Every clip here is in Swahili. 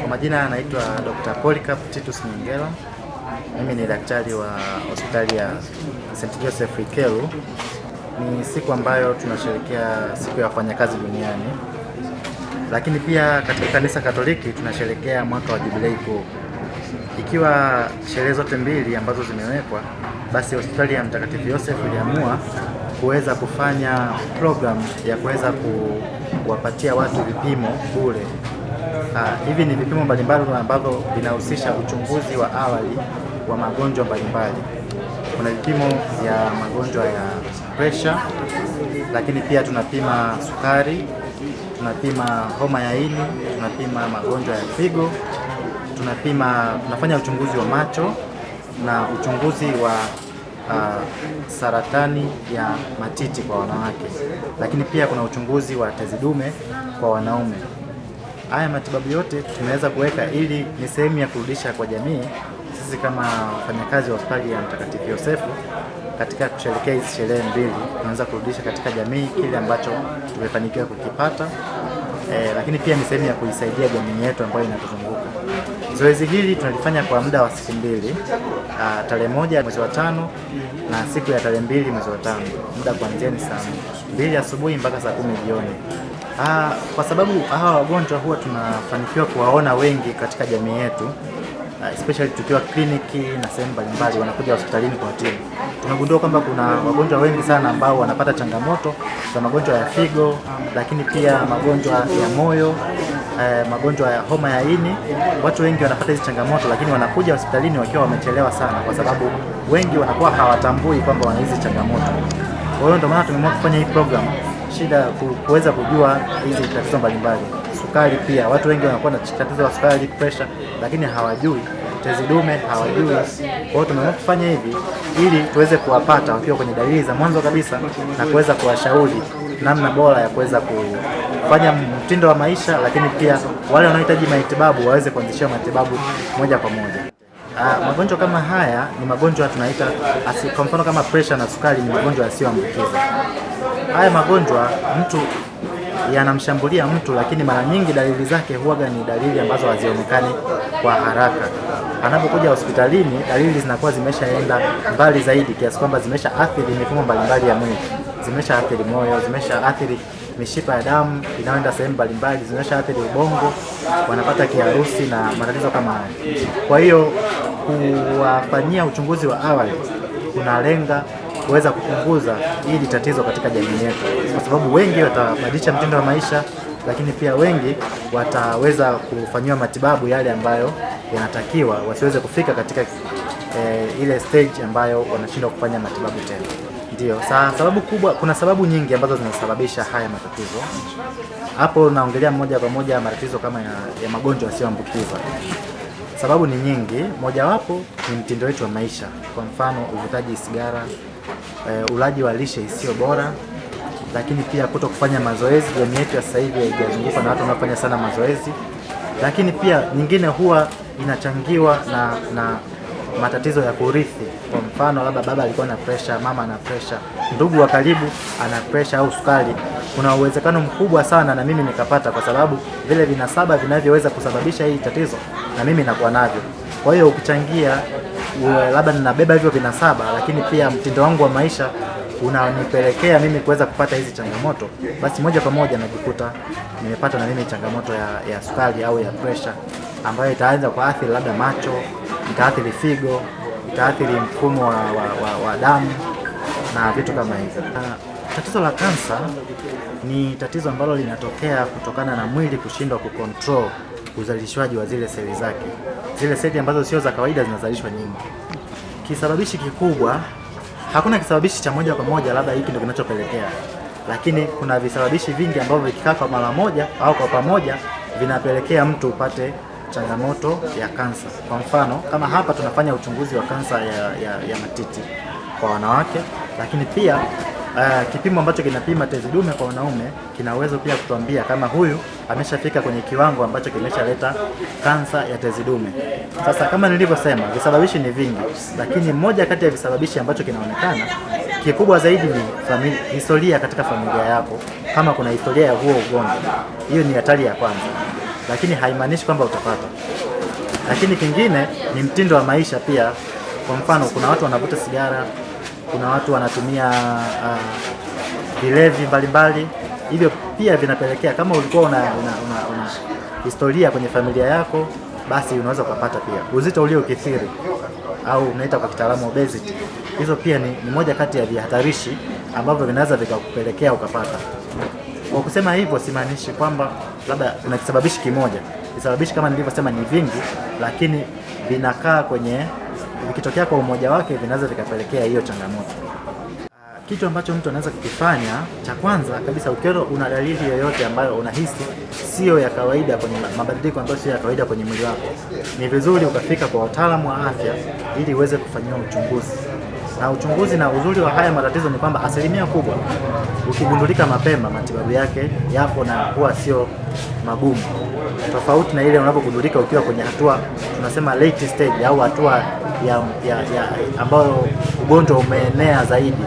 Kwa majina anaitwa Dr. Polycarp Titus mingela Mimi ni daktari wa hospitali ya St. Joseph Ikelu. Ni siku ambayo tunasherehekea siku ya wafanyakazi duniani, lakini pia katika kanisa Katoliki tunasherehekea mwaka wa jubilei kuu, ikiwa sherehe zote mbili ambazo zimewekwa, basi hospitali ya Mtakatifu Yosef iliamua kuweza kufanya programu ya kuweza kuwapatia watu vipimo bure Ah, hivi ni vipimo mbalimbali ambavyo vinahusisha uchunguzi wa awali wa magonjwa mbalimbali. Kuna vipimo vya magonjwa ya presha, lakini pia tunapima sukari, tunapima homa ya ini, tunapima magonjwa ya figo, tunapima tunafanya uchunguzi wa macho na uchunguzi wa uh, saratani ya matiti kwa wanawake, lakini pia kuna uchunguzi wa tezi dume kwa wanaume. Haya matibabu yote tumeweza kuweka ili ni sehemu ya kurudisha kwa jamii, sisi kama wafanyakazi wa hospitali ya Mtakatifu Yosefu katika kusherekea hizi sherehe mbili tunaweza kurudisha katika jamii kile ambacho tumefanikiwa kukipata e, lakini pia ni sehemu ya kuisaidia jamii yetu ambayo inatuzunguka. Zoezi hili tunalifanya kwa muda wa siku mbili, ah, tarehe moja mwezi wa tano na siku ya tarehe mbili mwezi wa tano. Muda kuanzia ni saa mbili asubuhi mpaka saa kumi jioni. Aa, ah, kwa sababu hawa wagonjwa huwa tunafanikiwa kuwaona wengi katika jamii yetu ah, especially tukiwa kliniki na sehemu mbalimbali, wanakuja hospitalini kwa timu. Tunagundua kwamba kuna wagonjwa wengi sana ambao wanapata changamoto za magonjwa ya figo, lakini pia magonjwa ya moyo, eh, magonjwa ya homa ya ini. Watu wengi wanapata hizi changamoto, lakini wanakuja hospitalini wakiwa wamechelewa sana, kwa sababu wengi wanakuwa hawatambui kwamba wana hizi changamoto. Kwa hiyo ndio maana tumeamua kufanya hii program shida kuweza kujua hizi tatizo mbalimbali. Sukari pia, watu wengi wanakuwa na tatizo la sukari, pressure, lakini hawajui tezi dume, hawajui. Kwa hiyo tumeamua kufanya hivi ili tuweze kuwapata wakiwa kwenye dalili za mwanzo kabisa na kuweza kuwashauri namna bora ya kuweza kufanya mtindo wa maisha, lakini pia wale wanaohitaji matibabu waweze kuanzishiwa matibabu moja kwa moja. Uh, magonjwa kama haya ni magonjwa tunaita, kwa mfano kama pressure na sukari ni magonjwa yasiyoambukiza. Haya magonjwa mtu yanamshambulia mtu, lakini mara nyingi dalili zake huwaga ni dalili ambazo hazionekani kwa haraka. Anapokuja hospitalini, dalili zinakuwa zimeshaenda mbali zaidi, kiasi kwamba athiri mifumo mbalimbali ya mwili, athiri moyo, zimesha athiri mishipa ya damu inayoenda sehemu mbalimbali, zinaonyesha athari ubongo, wanapata kiharusi na matatizo kama haya. Kwa hiyo kuwafanyia uchunguzi wa awali kunalenga kuweza kupunguza hili tatizo katika jamii yetu, kwa sababu wengi watabadilisha mtindo wa maisha, lakini pia wengi wataweza kufanyiwa matibabu yale ambayo yanatakiwa, wasiweze kufika katika eh, ile stage ambayo wanashindwa kufanya matibabu tena. Ndio, sababu kubwa, kuna sababu nyingi ambazo zinasababisha haya matatizo. Hapo naongelea moja kwa moja matatizo kama ya, ya magonjwa yasiyoambukiza. Sababu ni nyingi, mojawapo ni mtindo wetu wa maisha, kwa mfano uvutaji sigara, e, ulaji wa lishe isiyo bora, lakini pia kuto kufanya mazoezi. Jamii yetu ya sasa hivi haijazungukwa na watu wanaofanya sana mazoezi, lakini pia nyingine huwa inachangiwa na, na matatizo ya kurithi. Kwa mfano, labda baba alikuwa na presha, mama ana presha, ndugu wa karibu ana presha au sukari, kuna uwezekano mkubwa sana na mimi nikapata, kwa sababu vile vinasaba vinavyoweza kusababisha hili tatizo na mimi nakuwa navyo. Kwa hiyo ukichangia labda ninabeba hivyo vinasaba, lakini pia mtindo wangu wa maisha unanipelekea mimi kuweza kupata hizi changamoto, basi moja kwa moja najikuta nimepata na mimi changamoto ya, ya sukari au ya presha ambayo itaanza kwa athiri labda macho itaathiri figo, itaathiri mfumo wa, wa, wa, wa damu na vitu kama hivyo. Ah, tatizo la kansa ni tatizo ambalo linatokea kutokana na mwili kushindwa kucontrol uzalishwaji wa zile seli zake, zile seli ambazo sio za kawaida zinazalishwa nyingi. Kisababishi kikubwa, hakuna kisababishi cha moja kwa moja, labda hiki ndio kinachopelekea, lakini kuna visababishi vingi ambavyo vikikaa kwa mara moja au kwa pamoja vinapelekea mtu upate changamoto ya kansa. Kwa mfano kama hapa tunafanya uchunguzi wa kansa ya, ya, ya matiti kwa wanawake, lakini pia uh, kipimo ambacho kinapima tezi dume kwa wanaume kina uwezo pia kutuambia kama huyu ameshafika kwenye kiwango ambacho kimeshaleta kansa ya tezi dume. Sasa kama nilivyosema, visababishi ni vingi, lakini moja kati ya visababishi ambacho kinaonekana kikubwa zaidi ni historia katika familia yako. Kama kuna historia ya huo ugonjwa, hiyo ni hatari ya kwanza lakini haimaanishi kwamba utapata. Lakini kingine ni mtindo wa maisha pia. Kwa mfano, kuna watu wanavuta sigara, kuna watu wanatumia ah, vilevi uh, mbalimbali. Hivyo pia vinapelekea, kama ulikuwa una, una, una, una historia kwenye familia yako, basi unaweza ukapata pia. Uzito ulio kithiri au unaita kwa kitaalamu obesity, hizo pia ni, ni moja kati ya vihatarishi ambavyo vinaweza vikakupelekea ukapata. Kwa kusema hivyo simaanishi kwamba labda kuna kisababishi kimoja. kisababishi kama nilivyosema ni vingi, lakini vinakaa kwenye, vikitokea kwa umoja wake vinaweza vikapelekea hiyo changamoto. Kitu ambacho mtu anaweza kukifanya cha kwanza kabisa, ukiona una dalili yoyote ambayo unahisi sio ya kawaida kwenye mabadiliko ambayo sio ya kawaida kwenye mwili wako, ni vizuri ukafika kwa wataalamu wa afya ili uweze kufanyiwa uchunguzi na uchunguzi na uzuri wa haya matatizo ni kwamba asilimia kubwa ukigundulika mapema, matibabu yake yapo na kuwa sio magumu, tofauti na ile unapogundulika ukiwa kwenye hatua tunasema late stage au hatua ya, ya, ya ambayo ugonjwa umeenea zaidi,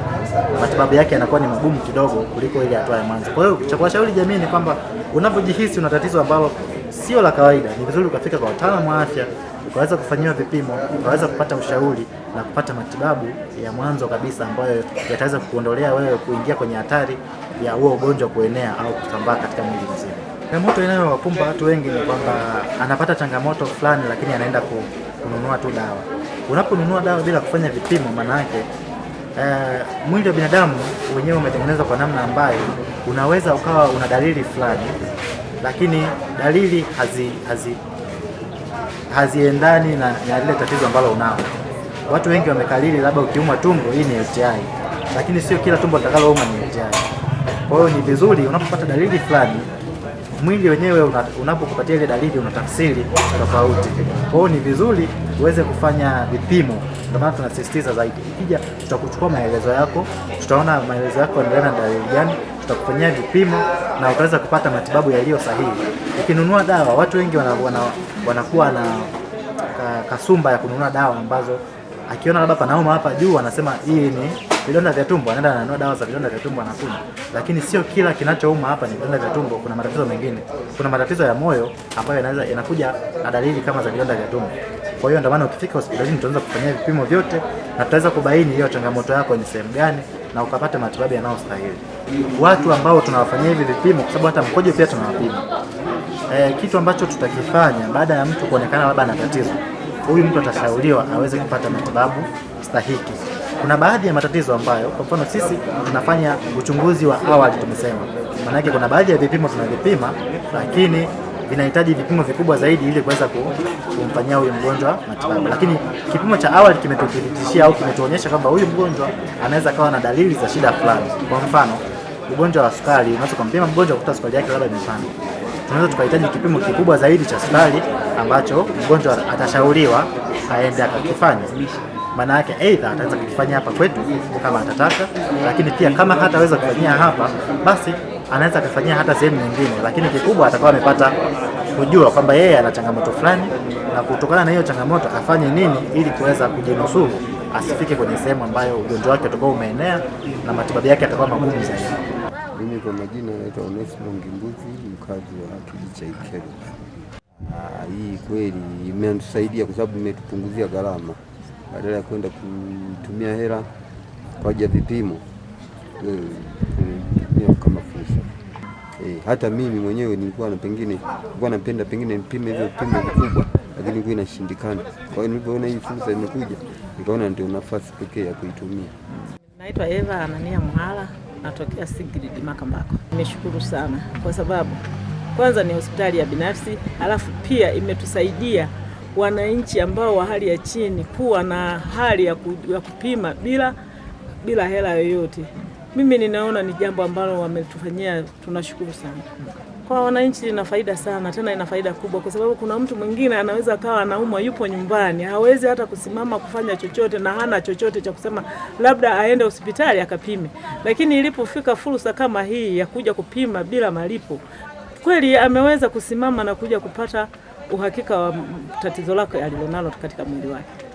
matibabu yake yanakuwa ni magumu kidogo kuliko ile hatua ya mwanzo. Kwa hiyo cha kuwashauri jamii ni kwamba unapojihisi una tatizo ambalo sio la kawaida. Ni vizuri ukafika kwa wataalamu wa afya ukaweza kufanyiwa vipimo, ukaweza kupata ushauri na kupata matibabu ya mwanzo kabisa ambayo yataweza kukuondolea wewe kuingia kwenye hatari ya huo ugonjwa kuenea au kusambaa katika mwili mzima. Changamoto inayowakumba watu wengi ni kwamba anapata changamoto fulani, lakini anaenda kununua tu dawa. Unaponunua dawa bila kufanya vipimo, maana yake eh, mwili wa binadamu wenyewe umetengenezwa kwa namna ambayo unaweza ukawa una dalili fulani lakini dalili hazi, hazi haziendani na, na lile tatizo ambalo unao. Watu wengi wamekalili labda ukiumwa tumbo hii ni UTI, lakini sio kila tumbo litakalouma ni UTI. Kwa hiyo ni vizuri unapopata dalili fulani, mwili wenyewe unapokupatia ile dalili unatafsiri tofauti. Kwa hiyo ni vizuri uweze kufanya vipimo, ndio maana tunasisitiza zaidi. Ikija tutakuchukua maelezo yako, tutaona maelezo yako yanaendana na dalili gani tutakufanyia vipimo na utaweza kupata matibabu yaliyo sahihi. Ukinunua dawa, watu wengi wanakuwa wana, wana, na ka, kasumba ya kununua dawa ambazo akiona labda panauma hapa juu anasema hii ni vidonda vya tumbo, anaenda ananua dawa za vidonda vya tumbo anakunywa, lakini sio kila kinachouma hapa ni vidonda vya tumbo. Kuna matatizo mengine, kuna matatizo ya moyo ambayo yanaweza yanakuja na dalili kama za vidonda vya tumbo. Kwa hiyo ndio maana ukifika hospitalini tunaweza kufanyia vipimo vyote na tutaweza kubaini hiyo changamoto yako ni sehemu gani na ukapata matibabu yanayostahili. Watu ambao tunawafanyia hivi vipimo, kwa sababu hata mkojo pia tunawapima. E, kitu ambacho tutakifanya baada ya mtu kuonekana labda ana tatizo, huyu mtu atashauriwa aweze kupata matibabu stahiki. Kuna baadhi ya matatizo ambayo kwa mfano sisi tunafanya uchunguzi wa awali, tumesema maanake kuna baadhi ya vipimo tunavipima, lakini vinahitaji vipimo vikubwa zaidi ili kuweza kumfanyia huyu mgonjwa matibabu, lakini kipimo cha awali kimetuthibitishia au kimetuonyesha kwamba huyu mgonjwa anaweza kawa na dalili za shida fulani. Kwa mfano, ugonjwa wa sukari, unaweza kumpima mgonjwa kukuta sukari yake labda imepanda. Tunaweza tukahitaji kipimo kikubwa zaidi cha sukari ambacho mgonjwa atashauriwa aende akakifanya. Maana yake aidha ataweza kukifanya hapa kwetu kama atataka, lakini pia kama hataweza kufanyia hapa basi anaweza akafanyia hata sehemu nyingine, lakini kikubwa atakuwa amepata kujua kwamba yeye ana changamoto fulani, na kutokana na hiyo changamoto afanye nini ili kuweza kujinusuru asifike kwenye sehemu ambayo ugonjwa wake utakuwa umeenea na matibabu yake yatakuwa magumu zaidi. Mimi kwa majina naitwa Onesimo Ngimbuzi, mkazi wa kijiji cha ah, Hii kweli imetusaidia kwa sababu imetupunguzia gharama, badala ya kwenda kutumia hela kwa ajili ya vipimo eh, E, hata mimi mwenyewe nilikuwa na pengine nilikuwa napenda pengine nipime hivyo vipimo vikubwa, lakini ilikuwa inashindikana. Kwa hiyo nilipoona hii fursa imekuja, nikaona ndio nafasi pekee ya kuitumia. Naitwa Eva Anania mhala natokea Sigrid Makambako. Nimeshukuru sana kwa sababu kwanza ni hospitali ya binafsi, alafu pia imetusaidia wananchi ambao wa hali ya chini kuwa na hali ya kupima bila bila hela yoyote mimi ninaona ni jambo ambalo wametufanyia, tunashukuru sana kwa wananchi, ina faida sana, tena ina faida kubwa, kwa sababu kuna mtu mwingine anaweza akawa anaumwa, yupo nyumbani, hawezi hata kusimama kufanya chochote, na hana chochote cha kusema, labda aende hospitali akapime. Lakini ilipofika fursa kama hii ya kuja kupima bila malipo, kweli ameweza kusimama na kuja kupata uhakika wa tatizo lake alilonalo katika mwili wake.